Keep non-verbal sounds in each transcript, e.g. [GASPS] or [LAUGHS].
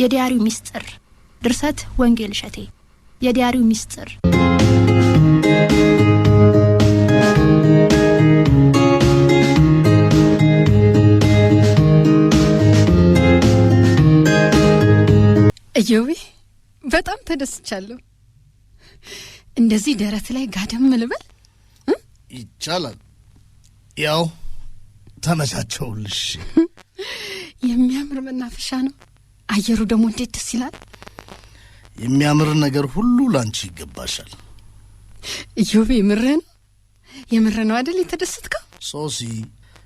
የዲያሪው ሚስጥር ድርሰት ወንጌል እሸቴ። የዲያሪው ሚስጥር እየውቤ በጣም ተደስቻለሁ። እንደዚህ ደረት ላይ ጋደም ልበል ይቻላል? ያው ተመቻቸውልሽ። [LAUGHS] የሚያምር መናፈሻ ነው። አየሩ ደግሞ እንዴት ደስ ይላል። የሚያምር ነገር ሁሉ ላንቺ ይገባሻል። ኢዮቤ የምርህ ነው? የምርህ ነው አደል የተደሰትከው? ሶሲ፣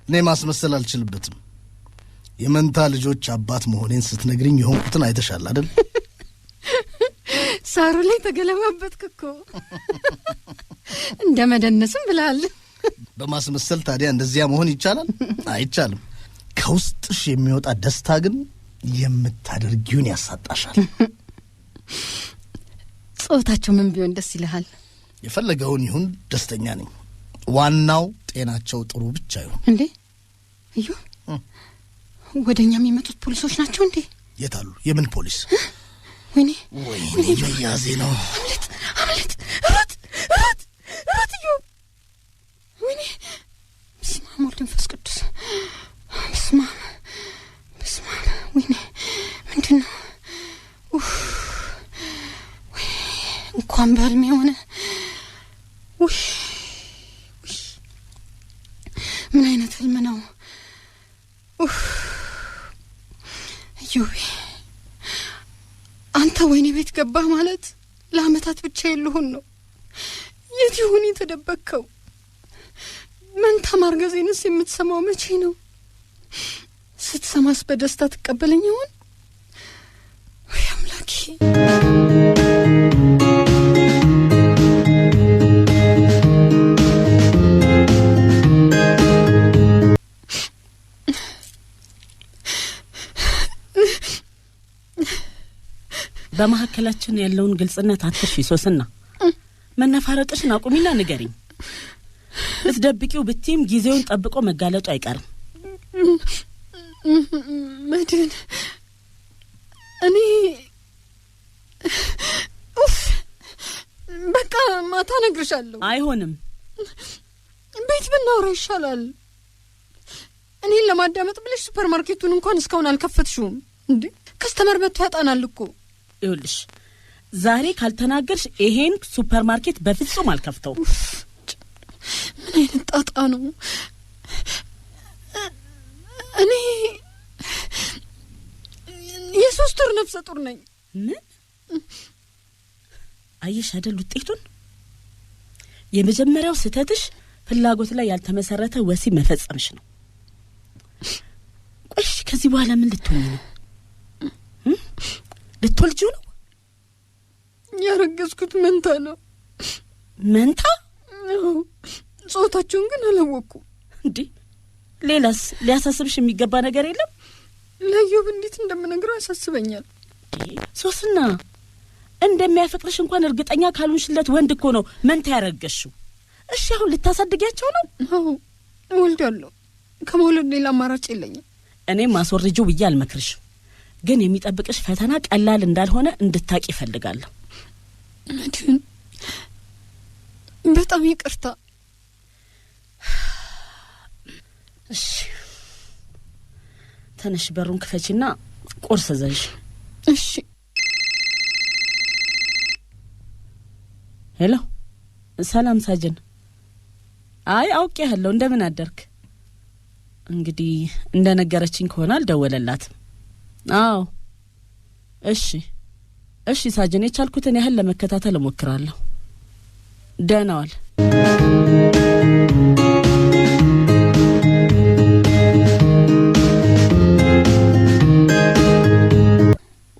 እኔ ማስመሰል አልችልበትም። የመንታ ልጆች አባት መሆኔን ስትነግርኝ የሆንኩትን አይተሻል አደል? [LAUGHS] ሳሩ ላይ ተገለማበትክ እኮ እንደ መደነስም ብላል። በማስመሰል ታዲያ እንደዚያ መሆን ይቻላል? አይቻልም። ከውስጥሽ የሚወጣ ደስታ ግን የምታደርጊውን ያሳጣሻል። [LAUGHS] ጾታቸው ምን ቢሆን ደስ ይልሃል? የፈለገውን ይሁን ደስተኛ ነኝ። ዋናው ጤናቸው ጥሩ ብቻ ይሁን። እንዴ እዩ፣ ወደ እኛ የሚመጡት ፖሊሶች ናቸው እንዴ? የት አሉ? የምን ፖሊስ? [GASPS] ወይኔ ወይኔ፣ መያዜ ነው። በጣም በህልሜ የሆነ ውይ ውይ ምን አይነት ህልም ነው? እዩቤ አንተ ወይኔ ቤት ገባህ ማለት ለአመታት ብቻ የልሁን ነው። የት ይሁን የተደበቅከው? መንታ ማርገዜንስ የምትሰማው መቼ ነው? ስትሰማስ በደስታ ትቀበለኝ ይሆን? አምላኬ በመሀከላችን ያለውን ግልጽነት አትርሺ ሶስና። መነፋረጥሽን አቁሚና ንገሪኝ። ልትደብቂው ብቲም ጊዜውን ጠብቆ መጋለጡ አይቀርም። መድን እኔ በቃ ማታ ነግርሻለሁ። አይሆንም፣ ቤት ብናወራ ይሻላል። እኔን ለማዳመጥ ብለሽ ሱፐር ማርኬቱን እንኳን እስካሁን አልከፈትሽውም እንዴ? ከስተመር መጥቶ ያጣናል እኮ ይኸውልሽ ዛሬ ካልተናገርሽ ይሄን ሱፐር ማርኬት በፍጹም አልከፍተው ምን አይነት ጣጣ ነው? እኔ የሶስት ወር ነፍሰ ጡር ነኝ። ምን አየሽ አይደል ውጤቱን። የመጀመሪያው ስህተትሽ ፍላጎት ላይ ያልተመሰረተ ወሲብ መፈጸምሽ ነው። ቆሽ ከዚህ በኋላ ምን ልትሆኝ ነው? ልትወልጂው ነው? ያረገዝኩት መንታ ነው። መንታ? ጾታቸውን ግን አላወቅኩም። እንዲህ ሌላስ ሊያሳስብሽ የሚገባ ነገር የለም? ለዮብ እንዴት እንደምነግረው ያሳስበኛል። ሶስና እንደሚያፈቅርሽ እንኳን እርግጠኛ ካልሆንሽለት ወንድ እኮ ነው መንታ ያረገሽው። እሺ አሁን ልታሳድጊያቸው ነው? አዎ እወልዳለሁ። ከመውለድ ሌላ አማራጭ የለኝም። እኔም አስወርጂው ብዬ አልመክርሽም። ግን የሚጠብቅሽ ፈተና ቀላል እንዳልሆነ እንድታቅ ይፈልጋለሁ። መድህን በጣም ይቅርታ። እሺ ተነሽ፣ በሩን ክፈቺና ቁርስ ዘዥ። እሺ። ሄሎ፣ ሰላም ሳጅን። አይ አውቄ ያለው እንደምን አደርክ። እንግዲህ እንደ ነገረችኝ ከሆነ አልደወለላትም። አዎ እሺ እሺ ሳጅን የቻልኩትን ያህል ለመከታተል እሞክራለሁ። ደህና ዋል።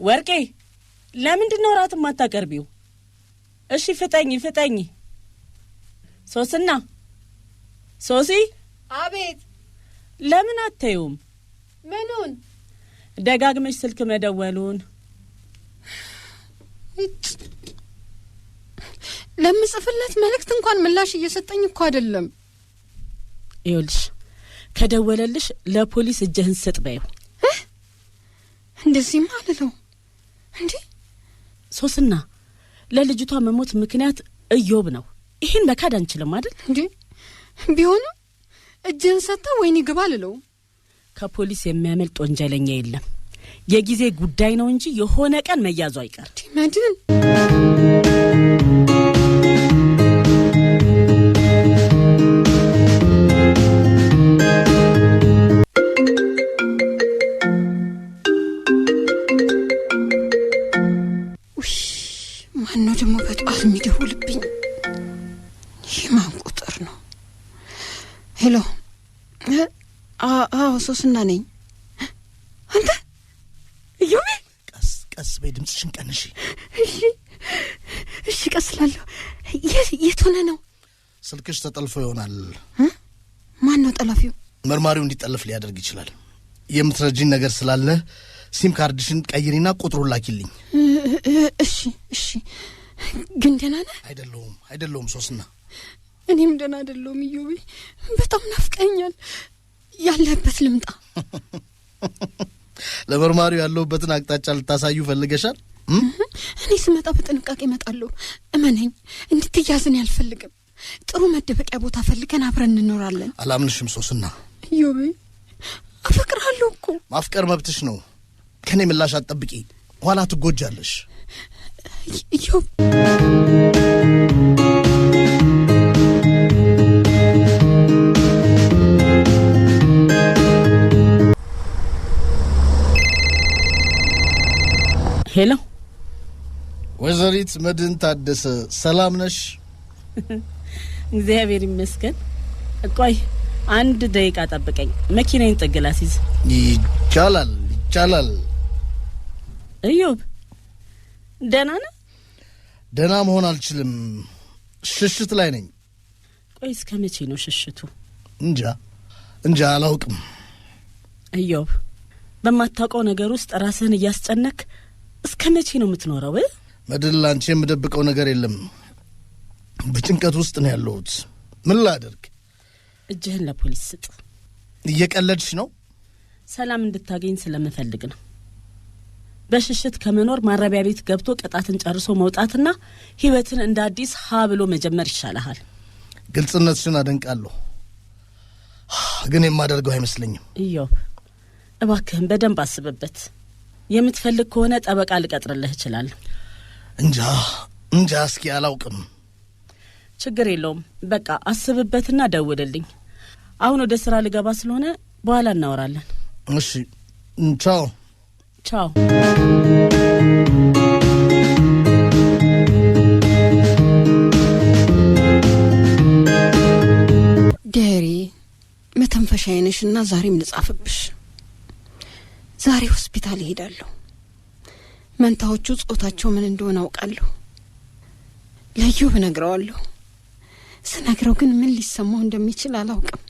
ወርቄ ለምንድን ነው እራት የማታቀርቢው? እሺ ፍጠኝ ፍጠኝ። ሶስና ሶሲ። አቤት። ለምን አታዩም? ምኑን? ደጋግመሽ ስልክ መደወሉን ለምጽፍለት መልእክት እንኳን ምላሽ እየሰጠኝ እኮ አይደለም። ይኸውልሽ ከደወለልሽ ለፖሊስ እጅህን ስጥ በይው። እንደዚህም አልለው እንዴ ሶስና፣ ለልጅቷ መሞት ምክንያት እዮብ ነው። ይህን መካድ አንችልም አይደል? እንዴ ቢሆንም እጅህን ሰጥተህ ወይኔ ግባ አልለውም። ከፖሊስ የሚያመልጥ ወንጀለኛ የለም። የጊዜ ጉዳይ ነው እንጂ የሆነ ቀን መያዙ አይቀር። ሶስና ነኝ። አንተ እዮሚ ቀስ ቀስ በይ፣ ድምፅሽን ቀንሺ። እሺ እሺ፣ ቀስ ላለሁ የት ሆነ ነው? ስልክሽ ተጠልፎ ይሆናል። ማን ነው ጠላፊው? መርማሪው እንዲጠልፍ ሊያደርግ ይችላል። የምትረጂን ነገር ስላለ ሲም ካርድሽን ቀይሪና ቁጥሩ ላኪልኝ። እሺ እሺ። ግን ደህና ነህ? አይደለሁም አይደለሁም ሶስና፣ እኔም ደህና አይደለሁም ኢዮቤ። በጣም ናፍቀኛል። ያለበት ልምጣ። [LAUGHS] ለመርማሪው ያለሁበትን አቅጣጫ ልታሳዩ ፈልገሻል? እኔ ስመጣ በጥንቃቄ እመጣለሁ። እመነኝ፣ እንድትያዝን አልፈልግም። ጥሩ መደበቂያ ቦታ ፈልገን አብረን እንኖራለን። አላምንሽም ሶስና። እዮቤ፣ አፈቅርሃለሁ እኮ። ማፍቀር መብትሽ ነው። ከእኔ ምላሽ አትጠብቂ፣ ኋላ ትጎጃለሽ። እዮቤ ሄሎ ወይዘሪት መድን ታደሰ ሰላም ነሽ? እግዚአብሔር ይመስገን። ቆይ አንድ ደቂቃ ጠብቀኝ፣ መኪናዬን ጥግ ላስይዝ። ይቻላል ይቻላል። እዮብ ደህና ነህ? ደህና መሆን አልችልም፣ ሽሽት ላይ ነኝ። ቆይ እስከ መቼ ነው ሽሽቱ? እንጃ እንጃ አላውቅም። እዮብ በማታውቀው ነገር ውስጥ ራስህን እያስጨነክ እስከ መቼ ነው የምትኖረው? መድል፣ አንቺ የምደብቀው ነገር የለም። በጭንቀት ውስጥ ነው ያለሁት። ምን ላደርግ? እጅህን ለፖሊስ ስጥ። እየቀለድሽ ነው? ሰላም እንድታገኝ ስለምፈልግ ነው። በሽሽት ከመኖር ማረቢያ ቤት ገብቶ ቅጣትን ጨርሶ መውጣትና ህይወትን እንደ አዲስ ሀ ብሎ መጀመር ይሻልሃል። ግልጽነትሽን አደንቃለሁ፣ ግን የማደርገው አይመስለኝም። እዮ እባክህን በደንብ አስብበት። የምትፈልግ ከሆነ ጠበቃ ልቀጥርልህ ይችላል። እንጃ እንጃ፣ እስኪ አላውቅም። ችግር የለውም በቃ አስብበትና ደውልልኝ። አሁን ወደ ስራ ልገባ ስለሆነ በኋላ እናወራለን። እሺ፣ ቻው ቻው። ገሪ መተንፈሻ አይነሽና ዛሬም ልጻፍብሽ ዛሬ ሆስፒታል ይሄዳለሁ። መንታዎቹ ጾታቸው ምን እንደሆነ አውቃለሁ። ለዩ እነግረዋለሁ። ስነግረው ግን ምን ሊሰማው እንደሚችል አላውቅም።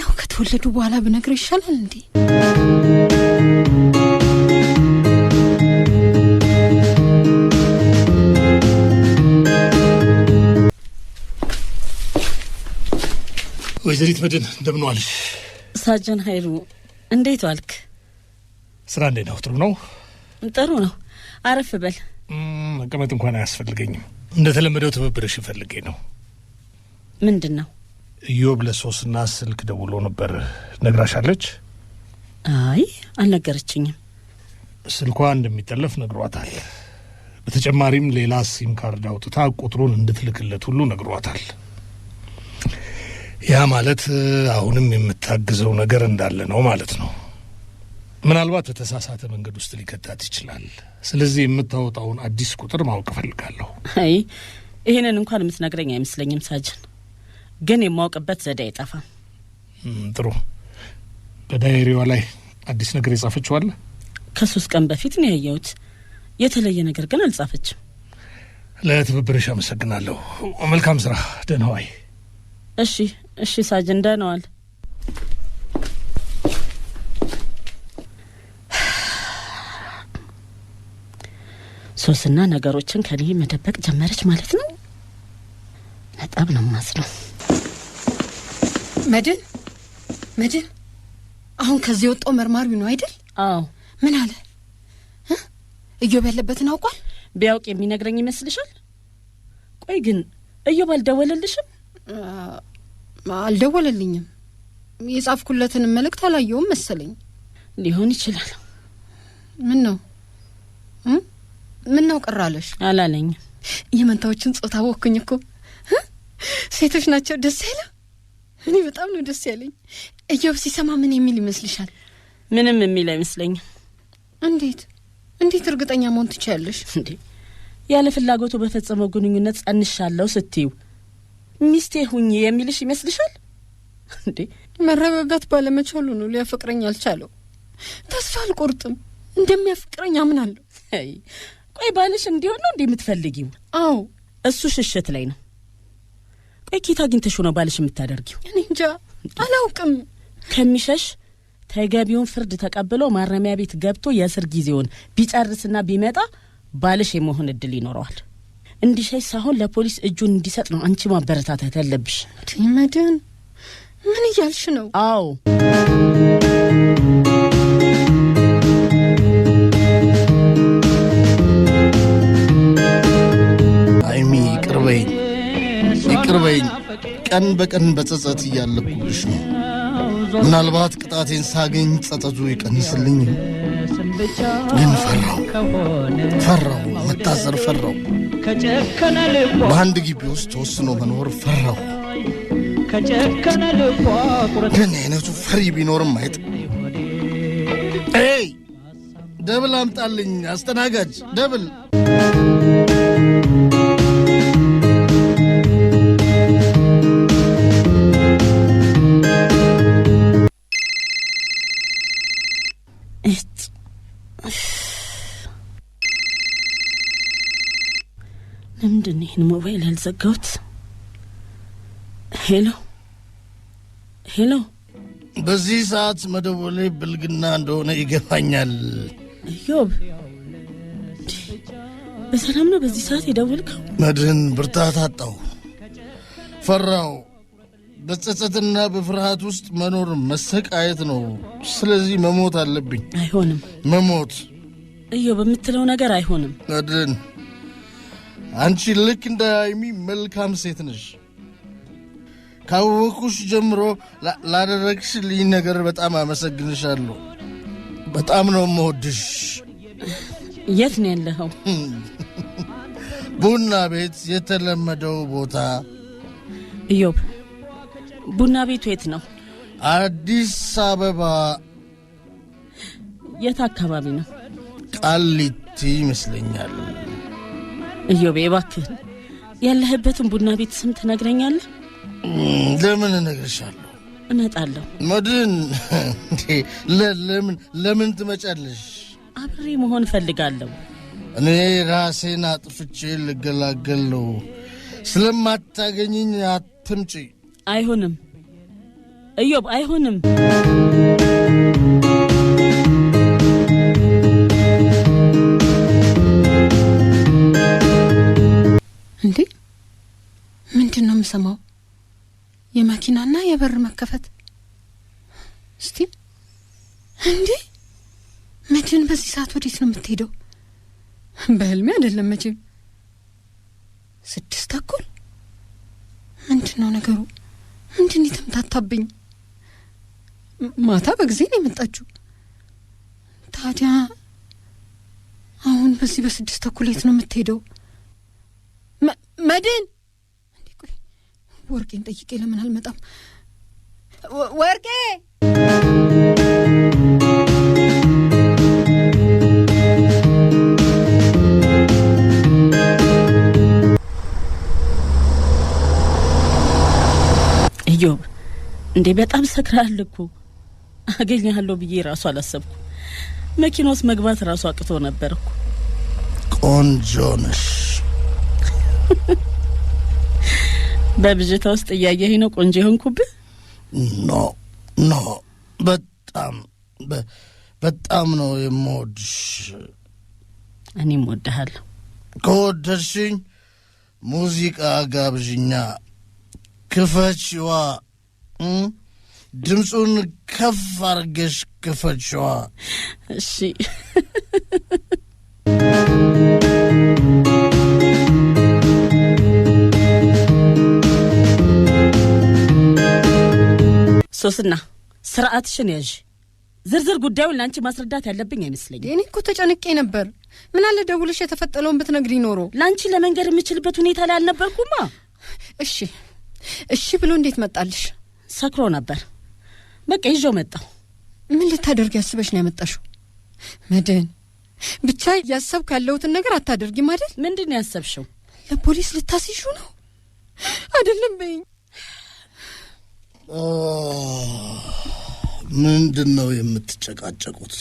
ነው ከተወለዱ በኋላ ብነግረው ይሻላል እንዴ? ወይዘሪት መድን እንደምን ዋልሽ? ሳጀን ኃይሉ እንዴት ዋልክ? ስራ እንዴት ነው? ጥሩ ነው። ጥሩ ነው። አረፍ በል። መቀመጥ እንኳን አያስፈልገኝም። እንደተለመደው ትብብርሽ ፈልጌ ነው። ምንድን ነው? ኢዮብ ለሶስና ስልክ ደውሎ ነበር። ነግራሻለች? አይ አልነገረችኝም። ስልኳ እንደሚጠለፍ ነግሯታል። በተጨማሪም ሌላ ሲም ካርድ አውጥታ ቁጥሩን እንድትልክለት ሁሉ ነግሯታል። ያ ማለት አሁንም የምታግዘው ነገር እንዳለ ነው ማለት ነው። ምናልባት በተሳሳተ መንገድ ውስጥ ሊከታት ይችላል። ስለዚህ የምታወጣውን አዲስ ቁጥር ማወቅ እፈልጋለሁ። አይ ይህንን እንኳን የምትነግረኝ አይመስለኝም ሳጅን፣ ግን የማወቅበት ዘዴ አይጠፋም። ጥሩ። በዳይሪዋ ላይ አዲስ ነገር የጻፈችዋለ? ከሶስት ቀን በፊት ነው ያየሁት። የተለየ ነገር ግን አልጻፈችም። ለትብብርሽ አመሰግናለሁ። መልካም ስራ። ደህና ዋይ። እሺ እሺ ሳጅ ደህና ሶስና ነገሮችን ከኔ መደበቅ ጀመረች ማለት ነው። በጣም ነው ማስለው መድን መድን፣ አሁን ከዚህ የወጣው መርማሪው ነው አይደል? አዎ። ምን አለ? እዮብ ያለበትን አውቋል? ቢያውቅ የሚነግረኝ ይመስልሻል? ቆይ ግን እዮብ አልደወለልሽም? አልደወለልኝም። የጻፍኩለትን መልእክት አላየውም መሰለኝ። ሊሆን ይችላል። ምን ነው ምን ነው ቅራለሽ? አላለኝም። የመንታዎችን ጾታ ወኩኝ እኮ ሴቶች ናቸው ደስ ያለ? እኔ በጣም ነው ደስ ያለኝ። እየው ሲሰማ ምን የሚል ይመስልሻል? ምንም የሚል አይመስለኝም። እንዴት እንዴት እርግጠኛ መሆን ትችያለሽ እንዴ? ያለ ፍላጎቱ በፈጸመው ግንኙነት ጸንሻለሁ ስትዩ ሚስቴ ሁኝ የሚልሽ ይመስልሻል እንዴ? መረጋጋት ባለመቻሉ ነው ሊያፈቅረኝ አልቻለው። ተስፋ አልቆርጥም፣ እንደሚያፈቅረኝ አምናለሁ። ቆይ ባልሽ እንዲሆን ነው እንዴ የምትፈልጊው? አዎ፣ እሱ ሽሽት ላይ ነው። ቆይ ኬት አግኝተሽው ነው ባልሽ የምታደርጊው? እኔ እንጃ አላውቅም። ከሚሸሽ ተገቢውን ፍርድ ተቀብሎ ማረሚያ ቤት ገብቶ የእስር ጊዜውን ቢጨርስና ቢመጣ ባልሽ የመሆን እድል ይኖረዋል። እንዲሸሽ ሳይሆን ለፖሊስ እጁን እንዲሰጥ ነው አንቺ ማበረታታት ያለብሽ። መድን ምን እያልሽ ነው? አዎ አይሚ ይቅር በይኝ፣ ቀን በቀን በጸጸት እያለኩብሽ ነው። ምናልባት ቅጣቴን ሳገኝ ጸጸቱ ይቀንስልኝ። ግን ፈራው ፈራው መታሰር ፈራው። በአንድ ግቢ ውስጥ ተወስኖ መኖር ፈራው። ግን አይነቱ ፈሪ ቢኖርም አይጥ ደብል አምጣልኝ አስተናጋጅ ደብል ለምንድን ይህን ሞባይል ያልዘጋሁት? ሄሎ ሄሎ። በዚህ ሰዓት መደወሌ ብልግና እንደሆነ ይገባኛል። ዮብ በሰላም ነው በዚህ ሰዓት የደወልከው? መድህን ብርታት አጣው፣ ፈራው። በጸጸትና በፍርሃት ውስጥ መኖር መሰቃየት ነው። ስለዚህ መሞት አለብኝ። አይሆንም። መሞት እዮ በምትለው ነገር አይሆንም መድህን አንቺ ልክ እንደ አይሚ መልካም ሴት ነሽ። ካወቅኩሽ ጀምሮ ላደረግሽልኝ ነገር በጣም አመሰግንሻለሁ። በጣም ነው የምወድሽ። የት ነው ያለኸው? ቡና ቤት፣ የተለመደው ቦታ። እዮብ፣ ቡና ቤቱ የት ነው? አዲስ አበባ። የት አካባቢ ነው? ቃሊቲ ይመስለኛል። እዮቤ እባክህን ያለህበትን ቡና ቤት ስም ትነግረኛለህ? ለምን እነግርሻለሁ? እመጣለሁ። መድን ለምን ለምን ትመጫለሽ? አብሬ መሆን እፈልጋለሁ። እኔ ራሴን አጥፍቼ ልገላገል ነው። ስለማታገኝኝ አትምጪ። አይሆንም እዮብ አይሆንም። እንዴ ምንድን ነው የምሰማው? የመኪናና የበር መከፈት። እስቲ እንዴ መድን በዚህ ሰዓት ወዴት ነው የምትሄደው? በህልሜ አይደለም መቼም። ስድስት ተኩል ምንድን ነው ነገሩ? ምንድን የተምታታብኝ? ማታ በጊዜ ነው የመጣችው? ታዲያ አሁን በዚህ በስድስት ተኩል የት ነው የምትሄደው? መድን ወርቄን ጠይቄ ለምን አልመጣም ወርቄ ኢዮብ እንዴ በጣም ሰክራል እኮ አገኘሃለሁ ብዬ ራሱ አላሰብኩ መኪና ውስጥ መግባት ራሱ አቅቶ ነበር እኮ ቆንጆ ነሽ በብዥታ ውስጥ እያየህ ነው ቆንጆ የሆንኩብህ? ኖ ኖ፣ በጣም በጣም ነው የምወድሽ። እኔም ወድሃለሁ። ከወደድሽኝ ሙዚቃ ጋብዥኛ። ክፈችዋ፣ ድምፁን ከፍ አርገሽ ክፈችዋ። እሺ Thank you. ሶስና ስርዓትሽን ያዥ። ዝርዝር ጉዳዩን ለአንቺ ማስረዳት ያለብኝ አይመስለኝም። እኔ እኮ ተጨንቄ ነበር። ምን አለ ደውልሽ የተፈጠለውን ብትነግሪ ኖሮ ለአንቺ ለመንገድ የምችልበት ሁኔታ ላይ አልነበርኩማ። እሺ እሺ ብሎ እንዴት መጣልሽ? ሰክሮ ነበር። በቃ ይዤው መጣሁ። ምን ልታደርግ ያስበሽ ነው ያመጣሽው? መድን ብቻ ያሰብክ ያለሁትን ነገር አታደርጊም አይደል? ምንድን ነው ያሰብሽው? ለፖሊስ ልታስይሹ ነው አይደለም? በይኝ ምንድን ነው የምትጨቃጨቁት?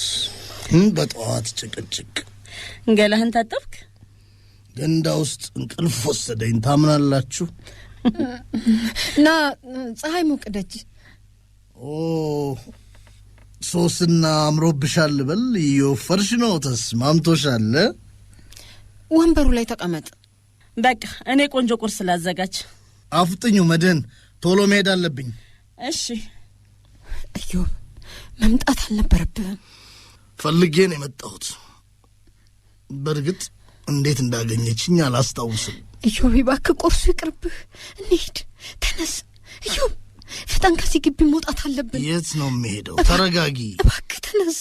በጠዋት ጭቅጭቅ። ገላህን ታጠብክ? ገንዳ ውስጥ እንቅልፍ ወሰደኝ። ታምናላችሁ? እና ፀሐይ ሞቅደች። ኦ ሶስና አምሮብሻል። በል እየወፈርሽ ነው፣ ተስማምቶሻል። ወንበሩ ላይ ተቀመጥ። በቃ እኔ ቆንጆ ቁርስ ላዘጋጅ። አፍጥኙ መድህን፣ ቶሎ መሄድ አለብኝ። እሺ እዮብ፣ መምጣት አልነበረብህም። ፈልጌ ነው የመጣሁት። በእርግጥ እንዴት እንዳገኘችኝ አላስታውስም። እዮብ፣ እባክህ ቆርሱ ይቅርብህ፣ እንሂድ። ተነስ እዮብ፣ ፍጠን፣ ከዚህ ግቢ መውጣት አለብን። የት ነው የሚሄደው? ተረጋጊ እባክህ፣ ተነስ።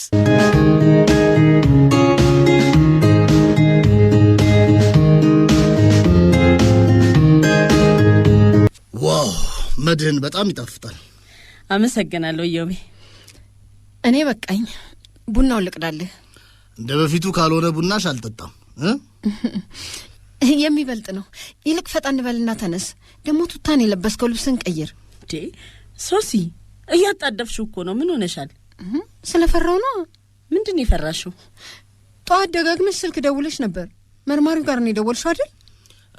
ዋው፣ መድህን በጣም ይጣፍጣል። አመሰግናለሁ እዮቤ። እኔ በቃኝ፣ ቡናውን ልቅዳልህ። እንደ በፊቱ ካልሆነ ቡናሽ አልጠጣም። [LAUGHS] የሚበልጥ ነው። ይልቅ ፈጣን በልና ተነስ። ደግሞ ቱታን የለበስከው ልብስን ቀይር። እንዴ ሶሲ፣ እያጣደፍሽው እኮ ነው። ምን ሆነሻል? ስለፈራው ነው። ምንድን ነው የፈራሽው? ጠዋት ደጋግመሽ ስልክ ደውለሽ ነበር። መርማሪው ጋር ነው የደወልሽው አይደል?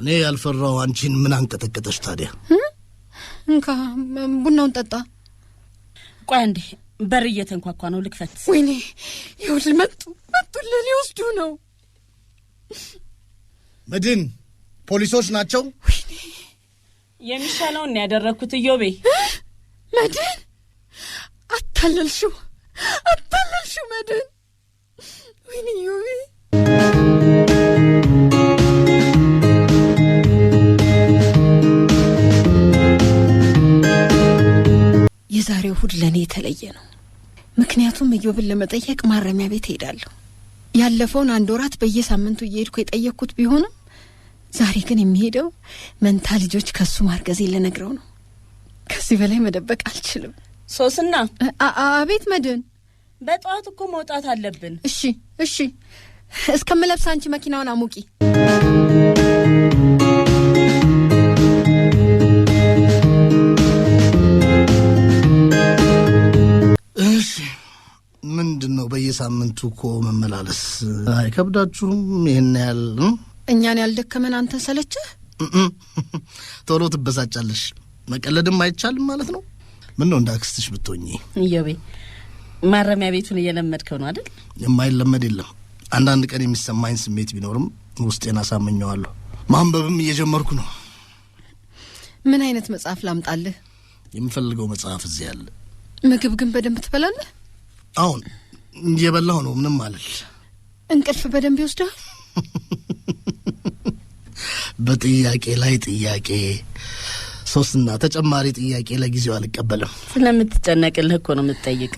እኔ ያልፈራው አንቺን ምን አንቀጠቀጠሽ ታዲያ? እንካ ቡናውን ጠጣ። ቆይ አንዴ፣ በር እየተንኳኳ ነው፣ ልክፈት። ወይኔ ይኸውልህ፣ መጡ መጡልህ፣ ሊወስዱ ነው። ምድን ፖሊሶች ናቸው። ወይኔ የሚሻለውን ያደረግኩት እዮቤ። መድን አታለልሽው፣ አታለልሽው መድን። ወይኔ እዮቤ የዛሬው እሁድ ለእኔ የተለየ ነው። ምክንያቱም እዮብን ለመጠየቅ ማረሚያ ቤት እሄዳለሁ። ያለፈውን አንድ ወራት በየሳምንቱ እየሄድኩ የጠየቅኩት ቢሆንም ዛሬ ግን የሚሄደው መንታ ልጆች ከሱ ማርገዜ ልነግረው ነው። ከዚህ በላይ መደበቅ አልችልም። ሶስና አቤት መድን፣ በጠዋት እኮ መውጣት አለብን። እሺ እሺ፣ እስከምለብስ አንቺ መኪናውን አሙቂ። በእግራችሁ እኮ መመላለስ አይከብዳችሁም? ይህን ያህል እኛን ያልደከመን አንተ ሰለችህ? [LAUGHS] ቶሎ ትበሳጫለሽ። መቀለድም አይቻልም ማለት ነው። ምን ነው እንደ አክስትሽ ብትሆኚ። እየቤ ማረሚያ ቤቱን እየለመድከው ነው አይደል? የማይለመድ የለም። አንዳንድ ቀን የሚሰማኝ ስሜት ቢኖርም ውስጤን አሳምኘዋለሁ። ማንበብም እየጀመርኩ ነው። ምን አይነት መጽሐፍ ላምጣልህ? የምፈልገው መጽሐፍ እዚህ አለ። ምግብ ግን በደንብ ትበላለህ? አሁን እየበላሁ ነው። ምንም አልል። እንቅልፍ በደንብ ይወስዳል። [LAUGHS] በጥያቄ ላይ ጥያቄ ሶስትና ተጨማሪ ጥያቄ ለጊዜው አልቀበልም። ስለምትጨነቅልህ እኮ ነው የምትጠይቅ።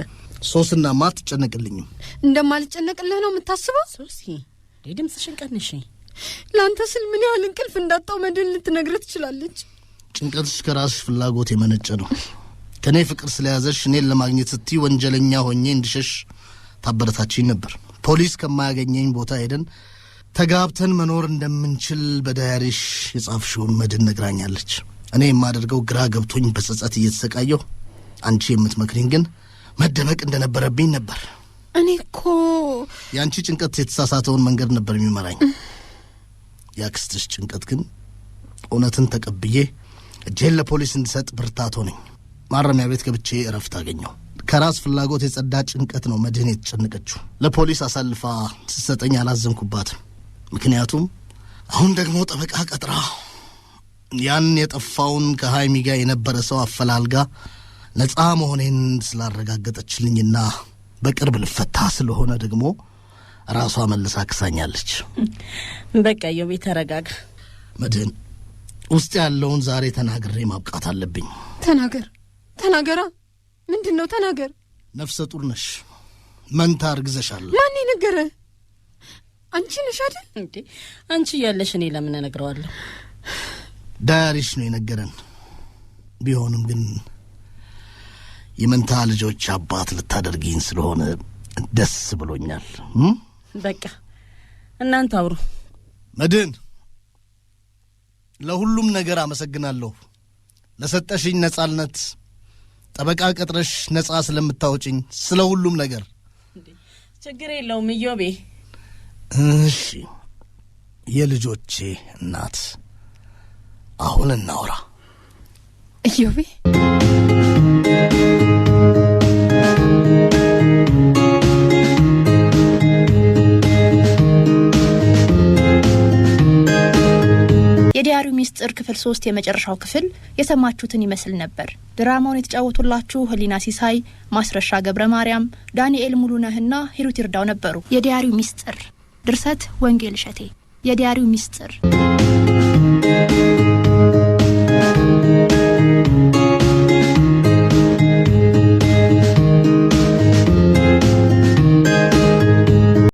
ሶስትና ማ አትጨነቅልኝም። እንደማልጨነቅልህ ነው የምታስበው። ሶሲ ድምፅሽን ቀንሽ። ለአንተ ስል ምን ያህል እንቅልፍ እንዳጣው መድን ልትነግረ ትችላለች። ጭንቀትሽ ከራስሽ ፍላጎት የመነጨ ነው። ከእኔ ፍቅር ስለያዘሽ እኔን ለማግኘት ስትይ ወንጀለኛ ሆኜ እንድሸሽ ታበረታችኝ ነበር። ፖሊስ ከማያገኘኝ ቦታ ሄደን ተጋብተን መኖር እንደምንችል በዳያሪሽ የጻፍሽውን መድን ነግራኛለች። እኔ የማደርገው ግራ ገብቶኝ በጸጸት እየተሰቃየሁ፣ አንቺ የምትመክሪኝ ግን መደበቅ እንደነበረብኝ ነበር። እኔ እኮ የአንቺ ጭንቀት የተሳሳተውን መንገድ ነበር የሚመራኝ። የአክስትሽ ጭንቀት ግን እውነትን ተቀብዬ እጄን ለፖሊስ እንድሰጥ ብርታት ሆነኝ። ማረሚያ ቤት ገብቼ እረፍት አገኘው። ከራስ ፍላጎት የጸዳ ጭንቀት ነው መድህን የተጨነቀችው። ለፖሊስ አሳልፋ ስትሰጠኝ አላዘንኩባትም። ምክንያቱም አሁን ደግሞ ጠበቃ ቀጥራ ያን የጠፋውን ከሀይሚ ጋር የነበረ ሰው አፈላልጋ ነፃ መሆኔን ስላረጋገጠችልኝና በቅርብ ልፈታ ስለሆነ ደግሞ ራሷ መልሳ ክሳኛለች። በቃ ዮቤ ተረጋጋ። መድህን ውስጥ ያለውን ዛሬ ተናግሬ ማብቃት አለብኝ። ተናገር ተናገራ ምንድን ነው? ተናገር። ነፍሰ ጡር ነሽ፣ መንታ እርግዘሻል። ማን ነገረ? አንቺ ነሽ አይደል እንዴ? አንቺ እያለሽ እኔ ለምን እነግረዋለሁ? ዳያሪሽ ነው የነገረን። ቢሆንም ግን የመንታ ልጆች አባት ልታደርጊኝ ስለሆነ ደስ ብሎኛል። በቃ እናንተ አውሩ። መድን፣ ለሁሉም ነገር አመሰግናለሁ፣ ለሰጠሽኝ ነጻነት ጠበቃ ቀጥረሽ ነፃ ስለምታወጭኝ ስለ ሁሉም ነገር ችግር የለውም እዮቤ። እሺ የልጆቼ እናት አሁን እናውራ እዮቤ። ምስጢር ክፍል ሶስት የመጨረሻው ክፍል የሰማችሁትን ይመስል ነበር። ድራማውን የተጫወቱላችሁ ህሊና ሲሳይ፣ ማስረሻ ገብረ ማርያም፣ ዳንኤል ሙሉነህና ሂሩት ይርዳው ነበሩ። የዲያሪው ሚስጥር ድርሰት ወንጌል እሸቴ። የዲያሪው ምስጢር